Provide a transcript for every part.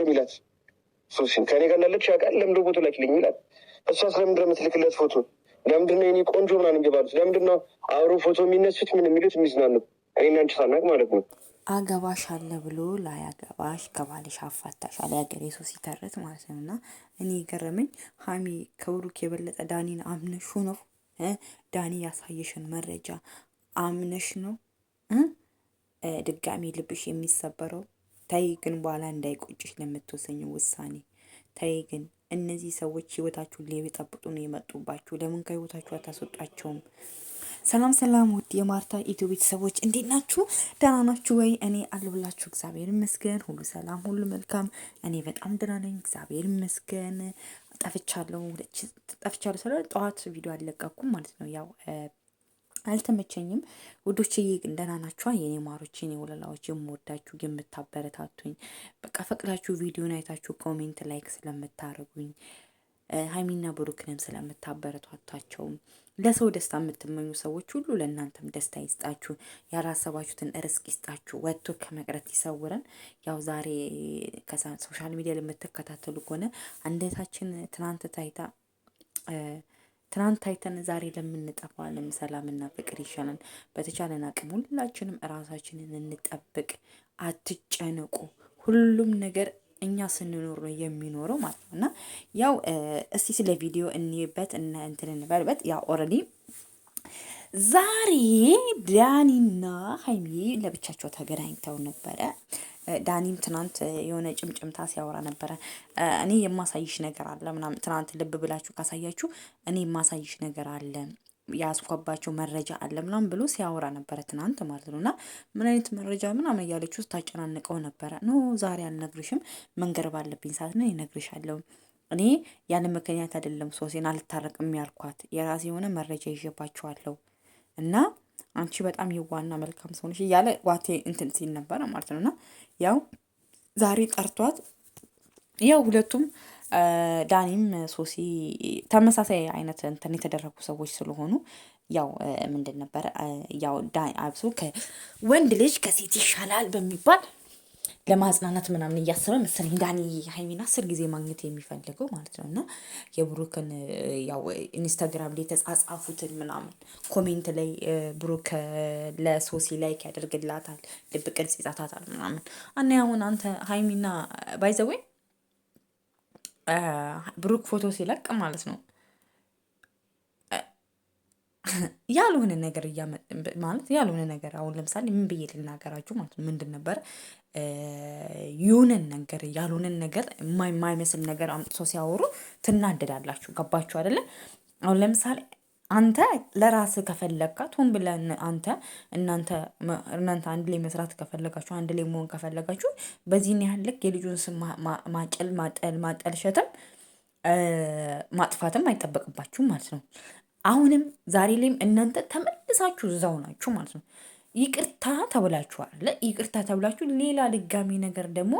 ለምንድን የሚላት ሶሲን ከኔ ጋር እንዳለች ያውቃል። ለምንድን ፎቶ ላኪልኝ ይላል። እሷ ስለምንድን የምትልክለት ፎቶ ለምንድን ነው የኔ ቆንጆ ምናምን የሚባሉት ለምንድን ነው አብሮ ፎቶ የሚነሱት ምን የሚሉት የሚዝናኑ እኔ አንቺ ሳናቅ ማለት ነው። አገባሽ አለ ብሎ ላያገባሽ ከባልሽ አፋታሽ አለ ያገሬ ሰው ሲተረት ማለት ነው። እና እኔ የገረመኝ ሀሚ ከብሩክ የበለጠ ዳኒን አምነሹ ነው። ዳኒ ያሳየሽን መረጃ አምነሽ ነው ድጋሚ ልብሽ የሚሰበረው። ተይ ግን በኋላ እንዳይቆጭሽ ለምትወሰኝ ውሳኔ። ተይ ግን እነዚህ ሰዎች ህይወታችሁን ሊበጠብጡ ነው የመጡባችሁ። ለምን ከህይወታችሁ አታስወጧቸውም? ሰላም ሰላም፣ ውድ የማርታ ኢትዮ ቤተሰቦች እንዴት ናችሁ? ደህና ናችሁ ወይ? እኔ አለሁላችሁ። እግዚአብሔር ይመስገን፣ ሁሉ ሰላም፣ ሁሉ መልካም። እኔ በጣም ደህና ነኝ፣ እግዚአብሔር ይመስገን። ጠፍቻለሁ፣ ጠፍቻለሁ ስለ ጠዋት ቪዲዮ አልለቀኩም ማለት ነው። ያው አልተመቸኝም። ውዶችዬ ግን ደህና ናችኋ? የኔ ማሮች፣ የኔ ወለላዎች፣ የምወዳችሁ የምታበረታቱኝ፣ በቃ ፈቅዳችሁ ቪዲዮን አይታችሁ ኮሜንት፣ ላይክ ስለምታደርጉኝ ሀይሚና ብሩክንም ስለምታበረታቷቸው ለሰው ደስታ የምትመኙ ሰዎች ሁሉ ለእናንተም ደስታ ይስጣችሁ፣ ያላሰባችሁትን ርስቅ ይስጣችሁ፣ ወጥቶ ከመቅረት ይሰውረን። ያው ዛሬ ሶሻል ሚዲያ ለምትከታተሉ ከሆነ አንደታችን ትናንት ታይታ ትናንት አይተን ዛሬ ለምንጠፋ ዓለም ሰላምና ፍቅር ይሻላል። በተቻለን አቅም ሁላችንም ራሳችንን እንጠብቅ። አትጨንቁ። ሁሉም ነገር እኛ ስንኖር ነው የሚኖረው ማለት ነው እና ያው እስቲ ስለ ቪዲዮ እንይበት እና እንትን እንበልበት ያው ኦልሬዲ ዛሬ ዳኒና ሀይሚ ለብቻቸው ተገናኝተው ነበረ። ዳኒም ትናንት የሆነ ጭምጭምታ ሲያወራ ነበረ። እኔ የማሳይሽ ነገር አለ ምናምን፣ ትናንት ልብ ብላችሁ ካሳያችሁ እኔ የማሳይሽ ነገር አለ ያስኳባቸው መረጃ አለ ምናምን ብሎ ሲያወራ ነበረ ትናንት ማለት ነው። እና ምን አይነት መረጃ ምናምን እያለችው ስታጨናንቀው ነበረ። ኖ ዛሬ አልነግርሽም፣ መንገር ባለብኝ ሰዓት ነው እነግርሻለሁ። እኔ ያለ ምክንያት አይደለም ሶሴን አልታረቅም ያልኳት፣ የራሴ የሆነ መረጃ ይዤባችኋለሁ እና አንቺ በጣም የዋና መልካም ሰው ነሽ እያለ ዋቴ እንትን ሲል ነበረ ማለት ነው እና ያው ዛሬ ጠርቷት ያው ሁለቱም ዳኒም ሶሲ ተመሳሳይ አይነት እንትን የተደረጉ ሰዎች ስለሆኑ ያው ምንድን ነበረ ያው አብሶ ከወንድ ልጅ ከሴት ይሻላል በሚባል ለማጽናናት ምናምን እያሰበ መሰለኝ ዳኒ ሀይሚን አስር ጊዜ ማግኘት የሚፈልገው ማለት ነው። እና የብሩክን ያው ኢንስታግራም ላይ የተጻጻፉትን ምናምን ኮሜንት ላይ ብሩክ ለሶሲ ላይክ ያደርግላታል፣ ልብ ቅርጽ ይጻታታል ምናምን እና አሁን አንተ ሀይሚና ባይዘወይ ብሩክ ፎቶ ሲለቅ ማለት ነው ያልሆነ ነገር ማለት ያልሆነ ነገር አሁን ለምሳሌ ምን ብዬ ልናገራችሁ ማለት ነው። ምንድን ነበር የሆነን ነገር ያልሆነን ነገር የማይመስል ነገር አምጥቶ ሲያወሩ ትናደዳላችሁ። ገባችሁ አይደለ? አሁን ለምሳሌ አንተ ለራስህ ከፈለግካት ሆን ብለ አንተ እናንተ እናንተ አንድ ላይ መስራት ከፈለጋችሁ አንድ ላይ መሆን ከፈለጋችሁ በዚህን ያህል ልክ የልጁን ስም ማጨል ማጠል ማጠልሸትም ማጥፋትም አይጠበቅባችሁም ማለት ነው። አሁንም ዛሬ ላይም እናንተ ተመልሳችሁ እዛው ናችሁ ማለት ነው። ይቅርታ ተብላችኋል። ይቅርታ ተብላችሁ ሌላ ድጋሚ ነገር ደግሞ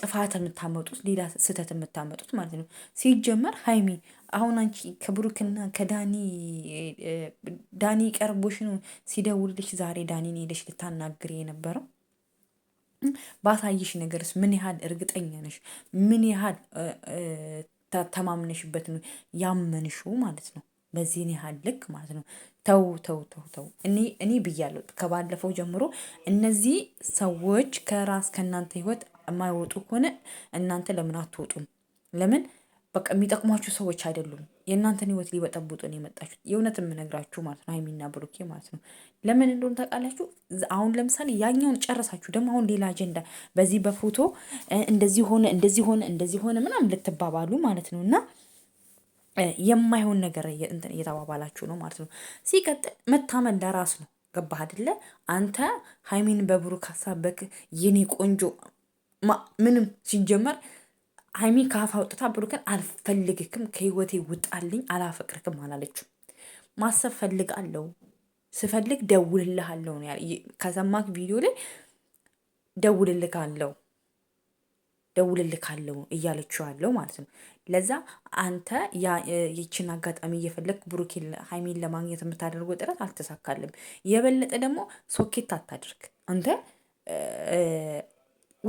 ጥፋት የምታመጡት ሌላ ስህተት የምታመጡት ማለት ነው። ሲጀመር ሀይሚ አሁን አንቺ ከብሩክና ከዳኒ ዳኒ ቀርቦሽ ነው ሲደውልልሽ ዛሬ ዳኒን ሄደሽ ልታናግር የነበረው ባሳየሽ ነገርስ ምን ያህል እርግጠኛ ነሽ? ምን ያህል ተማምነሽበት ነው ያመንሹ ማለት ነው። በዚህን ያህል ልክ ማለት ነው። ተው ተው ተው ተው። እኔ እኔ ብያለሁ ከባለፈው ጀምሮ እነዚህ ሰዎች ከራስ ከእናንተ ህይወት የማይወጡ ከሆነ እናንተ ለምን አትወጡም? ለምን በቃ የሚጠቅሟችሁ ሰዎች አይደሉም። የእናንተን ህይወት ሊበጠብጡ ነው የመጣችሁት። የእውነት የምነግራችሁ ማለት ነው ሀይሚና ብሩኬ ማለት ነው። ለምን እንደሆነ ታውቃላችሁ? አሁን ለምሳሌ ያኛውን ጨረሳችሁ፣ ደግሞ አሁን ሌላ አጀንዳ በዚህ በፎቶ እንደዚህ ሆነ እንደዚህ ሆነ እንደዚህ ሆነ ምናምን ልትባባሉ ማለት ነው እና የማይሆን ነገር እየተባባላችሁ ነው ማለት ነው። ሲቀጥል መታመን ለራስ ነው። ገባህ አይደለ? አንተ ሀይሚን በብሩክ ሀሳብ በክ የኔ ቆንጆ ምንም ሲጀመር ሀይሚ ከአፍ አውጥታ ብሩክን አልፈልግክም ከህይወቴ ውጣልኝ አላፈቅርክም አላለችው። ማሰብ ፈልጋለሁ ስፈልግ ደውልልሃለሁ ነው ያለ። ከሰማክ ቪዲዮ ላይ ደውልልካለሁ ደውልልካለሁ እያለችው ያለው ማለት ነው። ለዛ አንተ ይችን አጋጣሚ እየፈለግ ብሩክ ሀይሚን ለማግኘት የምታደርገው ጥረት አልተሳካልም። የበለጠ ደግሞ ሶኬት አታድርግ አንተ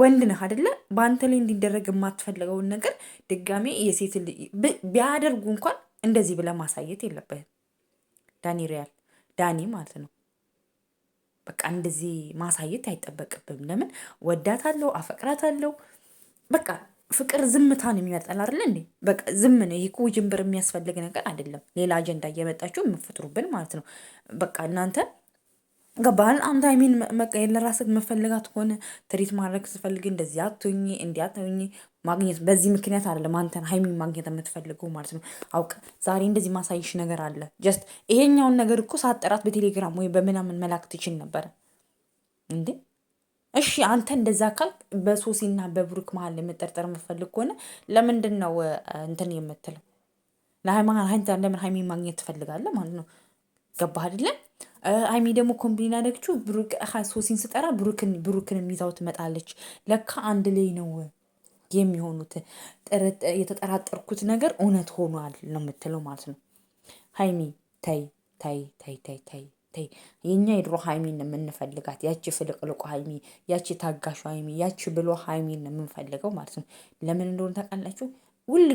ወንድ ነህ አደለ? በአንተ ላይ እንዲደረግ የማትፈልገውን ነገር ድጋሜ የሴት ቢያደርጉ እንኳን እንደዚህ ብለህ ማሳየት የለብህም። ዳኒ ሪያል ዳኒ ማለት ነው። በቃ እንደዚህ ማሳየት አይጠበቅብም። ለምን ወዳታለሁ፣ አፈቅራታለሁ። በቃ ፍቅር ዝምታን የሚያጠላ አይደለ እንዴ? በቃ ዝም ነው። ይሄ ውጅንብር የሚያስፈልግ ነገር አይደለም። ሌላ አጀንዳ እየመጣችሁ የምፈጥሩብን ማለት ነው። በቃ እናንተ ገባል አንተ አይሜን መቀየር ለራስህ መፈለጋት ከሆነ ትሪት ማድረግ ስፈልግ እንደዚህ አትሁኝ እንዲህ አትሁኝ ማግኘት በዚህ ምክንያት አይደለም አንተን ሀይሚን ማግኘት የምትፈልገው ማለት ነው። አውቅ ዛሬ እንደዚህ ማሳይሽ ነገር አለ። ጀስት ይሄኛውን ነገር እኮ ሳጠራት በቴሌግራም ወይም በምናምን መላክ ትችል ነበረ እንዴ። እሺ አንተ እንደዛ ካል በሶሲና በብሩክ መሀል የምጠርጠር የምፈልግ ከሆነ ለምንድን ነው እንትን የምትለው? ለምን ሀይሚን ማግኘት ትፈልጋለህ ማለት ነው። ገባህ አይደለም? ሀይሚ ደግሞ ያደግችው አደረገችው። ሶሲን ስጠራ ብሩክን ብሩክን ይዛው ትመጣለች። ለካ አንድ ላይ ነው የሚሆኑት። የተጠራጠርኩት ነገር እውነት ሆኗል ነው የምትለው ማለት ነው። ሀይሚ ታይ ታይ ታይ ታይ ታይ ተይ የኛ የድሮ ሀይሚን ነው የምንፈልጋት። ያቺ ፍልቅልቁ ሀይሚ፣ ያቺ ታጋሹ ሀይሚ፣ ያቺ ብሎ ሀይሚን ነው የምንፈልገው ማለት ነው። ለምን እንደሆነ ታውቃላችሁ?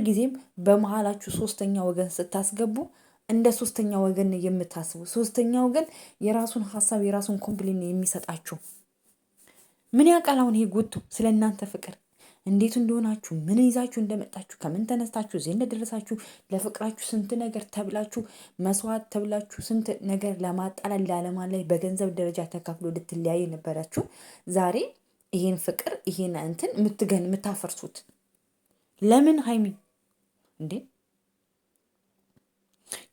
ጊዜም በመሀላችሁ ሶስተኛ ወገን ስታስገቡ እንደ ሶስተኛ ወገን የምታስቡ ሶስተኛ ወገን የራሱን ሀሳብ የራሱን ኮምፕሌን የሚሰጣችሁ ምን ያውቃል? አሁን ይሄ ጎቶ ስለ እናንተ ፍቅር እንዴት እንደሆናችሁ ምን ይዛችሁ እንደመጣችሁ ከምን ተነስታችሁ እዚህ እንደደረሳችሁ ለፍቅራችሁ ስንት ነገር ተብላችሁ መስዋዕት ተብላችሁ ስንት ነገር ለማጣላል ላይ በገንዘብ ደረጃ ተካፍሎ ልትለያይ የነበራችሁ ዛሬ ይሄን ፍቅር ይሄን እንትን የምትገን የምታፈርሱት ለምን ሀይሚ እንዴ?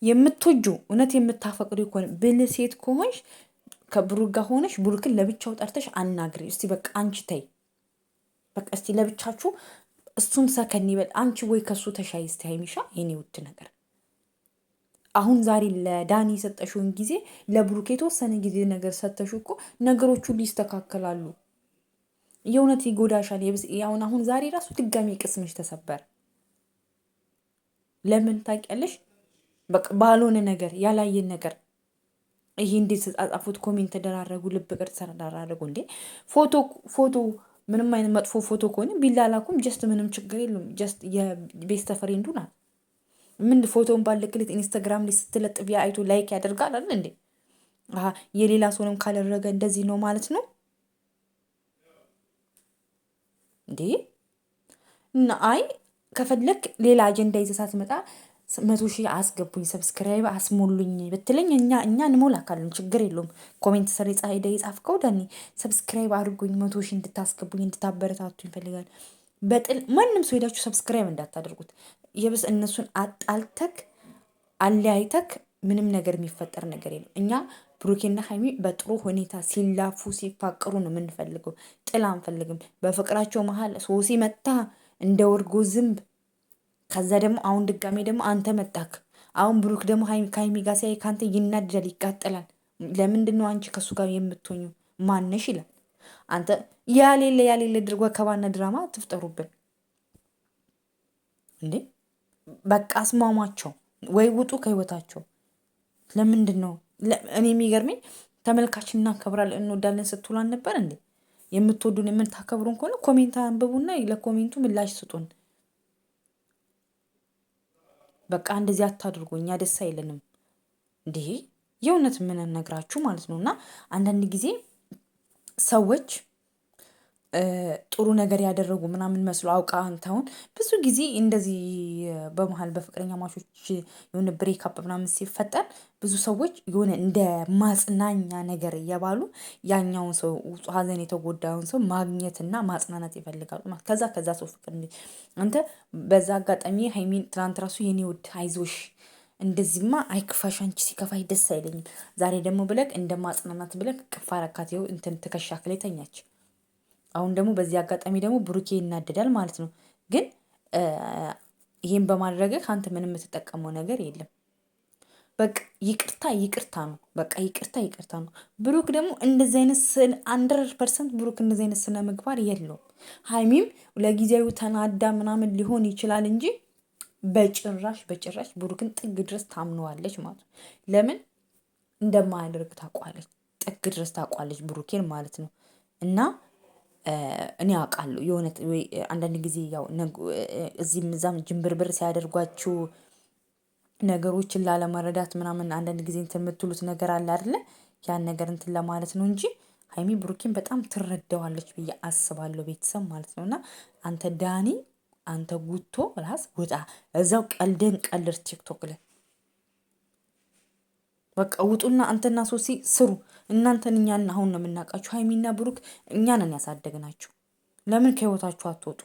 የምትወጁ እውነት የምታፈቅዱ ከሆነ ብልሴት ሴት ከሆንሽ ከብሩክ ጋር ሆነሽ ብሩክን ለብቻው ጠርተሽ አናግሪ። እስቲ በቃ አንቺ ተይ በቃ እስቲ ለብቻችሁ እሱን ሰከን ይበል አንቺ ወይ ከሱ ተሻይ ስቲ ሀይሚሻ የኔ ውድ ነገር አሁን ዛሬ ለዳኒ የሰጠሽውን ጊዜ ለብሩክ የተወሰነ ጊዜ ነገር ሰተሹ እኮ ነገሮቹ ሊስተካከላሉ። የእውነት ይጎዳሻል። ሁን አሁን ዛሬ ራሱ ድጋሚ ቅስምሽ ተሰበር። ለምን ታውቂያለሽ? በቃ ባልሆነ ነገር ያላየን ነገር ይሄ እንዴት ተጻጻፉት? ኮሜንት ተደራረጉ፣ ልብ ቅርጽ ተደራረጉ። እንዴ ፎቶ ፎቶ ምንም አይነት መጥፎ ፎቶ ከሆነ ቢላላኩም ጀስት ምንም ችግር የለም። ጀስት የቤስት ፍሬንዱ ናት። ምን ፎቶን ባለክልት ኢንስታግራም ላይ ስትለጥፍ አይቶ ላይክ ያደርጋል አይደል እንዴ? አሀ የሌላ ሰውንም ካደረገ እንደዚህ ነው ማለት ነው እንዴ? እና አይ ከፈለክ ሌላ አጀንዳ ይዘሳት ሳትመጣ መቶ ሺህ አስገቡኝ ሰብስክራይብ አስሞሉኝ ብትለኝ እኛ እኛ እንሞላ ችግር የለውም። ኮሜንት ስር ጻሄደ የጻፍከው ዳኒ ሰብስክራይብ አድርጉኝ መቶ ሺህ እንድታስገቡኝ እንድታበረታቱ ይፈልጋል። በጥል ማንም ሰው ሄዳችሁ ሰብስክራይብ እንዳታደርጉት። የብስ እነሱን አጣልተክ አለያይተክ ምንም ነገር የሚፈጠር ነገር የለም። እኛ ብሩኬና ሀይሚ በጥሩ ሁኔታ ሲላፉ ሲፋቅሩ ነው የምንፈልገው። ጥል አንፈልግም። በፍቅራቸው መሀል ሶሲ መታ እንደ ወርጎ ዝንብ ከዛ ደግሞ አሁን ድጋሜ ደግሞ አንተ መጣክ። አሁን ብሩክ ደግሞ ከሀይሚ ጋር ሲያይ ከአንተ ይናደዳል፣ ይቃጠላል። ለምንድነው አንቺ ከሱ ጋር የምትሆኙ ማነሽ? ይላል። አንተ ያሌለ ያሌለ ድርጓ ከባና ድራማ ትፍጠሩብን እንዴ! በቃ አስማማቸው ወይ ውጡ ከህይወታቸው። ለምንድን ነው እኔ የሚገርመኝ ተመልካች እናከብራለን እንወዳለን ስትሉ አልነበር እንዴ? የምትወዱን የምታከብሩን ከሆነ ኮሜንት አንብቡና ለኮሜንቱ ምላሽ ስጡን። በቃ እንደዚህ አታድርጉ፣ እኛ ደስ አይለንም። እንዲህ የእውነት ምን ነግራችሁ ማለት ነው። እና አንዳንድ ጊዜ ሰዎች ጥሩ ነገር ያደረጉ ምናምን መስሎ አውቃ አንተውን ብዙ ጊዜ እንደዚህ በመሀል በፍቅረኛ ማቾች የሆነ ብሬክአፕ ምናምን ሲፈጠር ብዙ ሰዎች የሆነ እንደ ማጽናኛ ነገር እየባሉ ያኛውን ሰው ሀዘን የተጎዳውን ሰው ማግኘትና ማጽናናት ይፈልጋሉ። ከዛ ከዛ ሰው ፍቅር አንተ በዛ አጋጣሚ ሀይሚን ትናንት ራሱ የኔ ውድ አይዞሽ እንደዚህማ አይክፋሽ፣ አንቺ ሲከፋሽ ደስ አይለኝም፣ ዛሬ ደግሞ ብለክ እንደ ማጽናናት ብለክ ቅፋ አረካት። ይኸው እንትን ትከሻክ ላይ ተኛች። አሁን ደግሞ በዚህ አጋጣሚ ደግሞ ብሩኬ ይናደዳል ማለት ነው። ግን ይህን በማድረገ ከአንተ ምንም የምትጠቀመው ነገር የለም። በቃ ይቅርታ ይቅርታ ነው። በቃ ይቅርታ ይቅርታ ነው። ብሩክ ደግሞ እንደዚህ አይነት አንድረድ ፐርሰንት ብሩክ እንደዚህ አይነት ስነ ምግባር የለውም። ሀይሚም ለጊዜያዊ ተናዳ ምናምን ሊሆን ይችላል እንጂ በጭራሽ በጭራሽ ብሩክን ጥግ ድረስ ታምነዋለች ማለት ነው። ለምን እንደማያደርግ ታውቋለች። ጥግ ድረስ ታውቋለች ብሩኬን ማለት ነው እና እኔ አውቃለሁ ወይ አንዳንድ ጊዜ ያው እዚህም እዛም ጅምብርብር ሲያደርጓችሁ ነገሮችን ላለመረዳት ምናምን አንዳንድ ጊዜ እንትን የምትሉት ነገር አለ አይደለ ያን ነገር እንትን ለማለት ነው እንጂ ሀይሚ ብሩኬን በጣም ትረዳዋለች ብዬ አስባለሁ። ቤተሰብ ማለት ነው እና አንተ ዳኒ አንተ ጉቶ ራስ ውጣ እዛው ቀልደን ቀልድ ቲክቶክ ላይ በቃ ውጡና አንተና ሶሲ ስሩ። እናንተን እኛን አሁን ነው የምናውቃችሁ። ሀይሚና ብሩክ እኛንን ያሳደግናችሁ። ለምን ከህይወታችሁ አትወጡ?